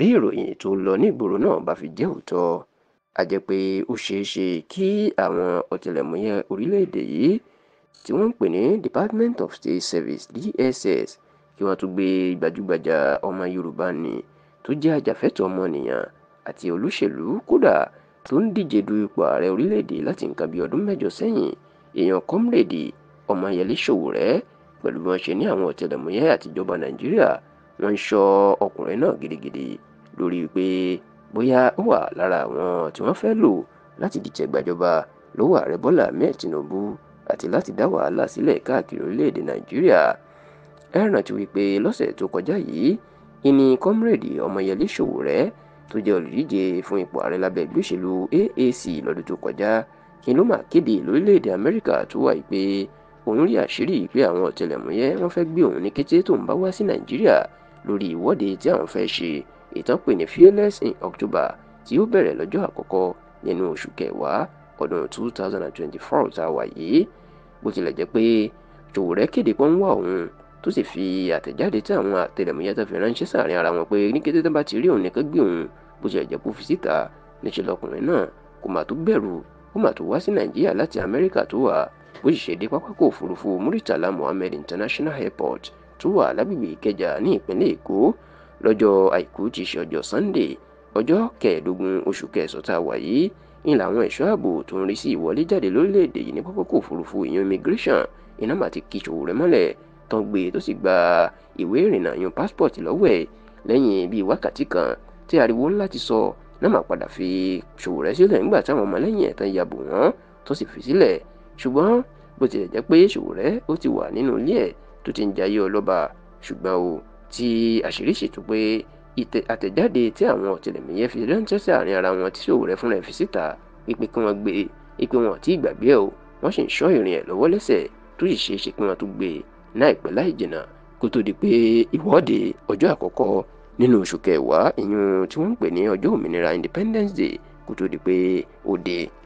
bí ìròyìn tó ń lọ nígboro náà bá fi jẹ́ òótọ́ a jẹ́ pé ó ṣeé ṣe kí àwọn ọ̀tẹlẹ̀múyẹ́ orílẹ̀-èdè yìí tí wọ́n ń pè ní Department of State Service DSS kí wọ́n tún gbé gbajúgbajà ọmọ Yorùbá ni tó jẹ́ ajàfẹ́tọ̀ọ́ ọmọnìyàn àti olóṣèlú kódà tó ń díje du ipò ààrẹ orílẹ̀-èdè láti nǹkan bí ọdún mẹ́jọ sẹ́yìn èèyàn kọ́mrèdì Ọmọyẹlé Sowore pẹ̀lú bí wọ́n ṣe ní àwọn ọ̀tẹlẹ̀múyẹ́ àtijọba Nàìjíríà wọ́n ń ṣọ́ ọkùnrin náà gidigidi lórí pé bóyá ó wà lára àwọn tí wọ́n fẹ́ lò láti dìtẹ̀ gbàjọba lọ́wọ́ ààrẹ Bọ́lá Ahmed Tinubu àti láti dá wàhálà sílẹ̀ káàkiri orílẹ̀-èdè Nàìjíríà ẹ rántí wípé lọ́sẹ̀ tó kọjá yìí ìní kọ́mírèdì Ọmọyẹlé Sowore tó jẹ́ olùdíje fún ipò ààrẹ lábẹ́ ẹgbẹ́ òṣèlú AAC lọ́dún tó kọjá kí ló máa kéde lórílẹ̀-èdè Amẹ́ríkà tó wà yìí pé òun rí àṣírí pé àwọn ọ̀tẹlẹ̀múyẹ́ wọ́n fẹ́ gbé òun ní kété tó ń bá wá sí Nàìjíríà lórí ìwọ́de tí àwọn fẹ́ ṣe ìtànpè ní fearless in October tí ó bẹ̀rẹ̀ lọ́jọ́ àkọ́kọ́ nínú oṣù kẹwàá ọdún 2024 tá a wà yìí bó tilẹ̀ jẹ́ pé Sowore kéde pé ń wá òun tó sì fi àtẹ̀jáde tí àwọn àtẹlẹmúyẹ́ tó fi ránṣẹ́ sáàrin ara wọn pé ní kété tó bá ti rí òun nìkan gbé òun bó tilẹ̀ jẹ́ kó fi síta níṣẹ́ lọkùnrin náà kò mà tó bẹ̀rù kó mà tó wá sí Nàìjíríà láti Amẹ́ríkà tó wà bó sì ṣe dé pápákọ̀ òfurufú Muritala Mohammed International Airport tó wà lágbègbè Ìkẹjà ní ìpínlẹ̀ Èkó lọ́jọ́ àìkú ti ṣe ọjọ́ Sunday ọjọ́ kẹẹ̀ẹ́dógún oṣù kẹsàn-án tá a wà yìí ń làwọn ẹ̀ṣọ́ ààbò tó ń rí sí ìwọlé jáde lórílẹ̀‐èdè yìí ní pápákọ̀ òfurufú ìyẹn immigration iná màá ti kíṣòwò rẹ̀ mọ́lẹ̀ tán gbé e tó sì gba ìwé ìrìnnà yan passport lọ́wọ́ ẹ̀ lẹ́yìn bíi wákàtí kan tí ariwo ńlá ti sọ náà máa padà fi ṣòwò rẹ̀ sílẹ̀ nígbà táwọn ọmọlẹ́yìn ẹ̀ tán ya bò wọ́n tó sì fi sílẹ̀ ṣùgbọ́n bó tilẹ̀ jẹ́ pé ṣòwò rẹ̀ ó ti wà nínú ilé ẹ̀ tó ti ń jayé ọlọ́ba ṣùgbọ́n o tí àṣírí sì tú pé àtẹ̀jáde tí àwọn ọ̀tẹlẹ̀múyẹ́ fi ránṣẹ́ sí àárín ara wọn tí Sowore fúnra ẹ̀ fi síta ipe kí wọ́n gbé ipe wọn àti ìgbàgbé ẹ̀ o wọ́n sì ń ṣọ́ ìrìn ẹ̀ lọ́wọ́ lẹ́sẹ̀ tó sì ṣe é ṣe pé wọ́n tún gbé e láìpẹ́ láì jìnnà kó tó di pé ìwọ́de ọjọ́ àkọ́kọ́ nínú oṣù kẹwàá ìyún tí wọ́n ń pè ní ọjọ́ òmìnira Independence Day kó tó di pé ó dé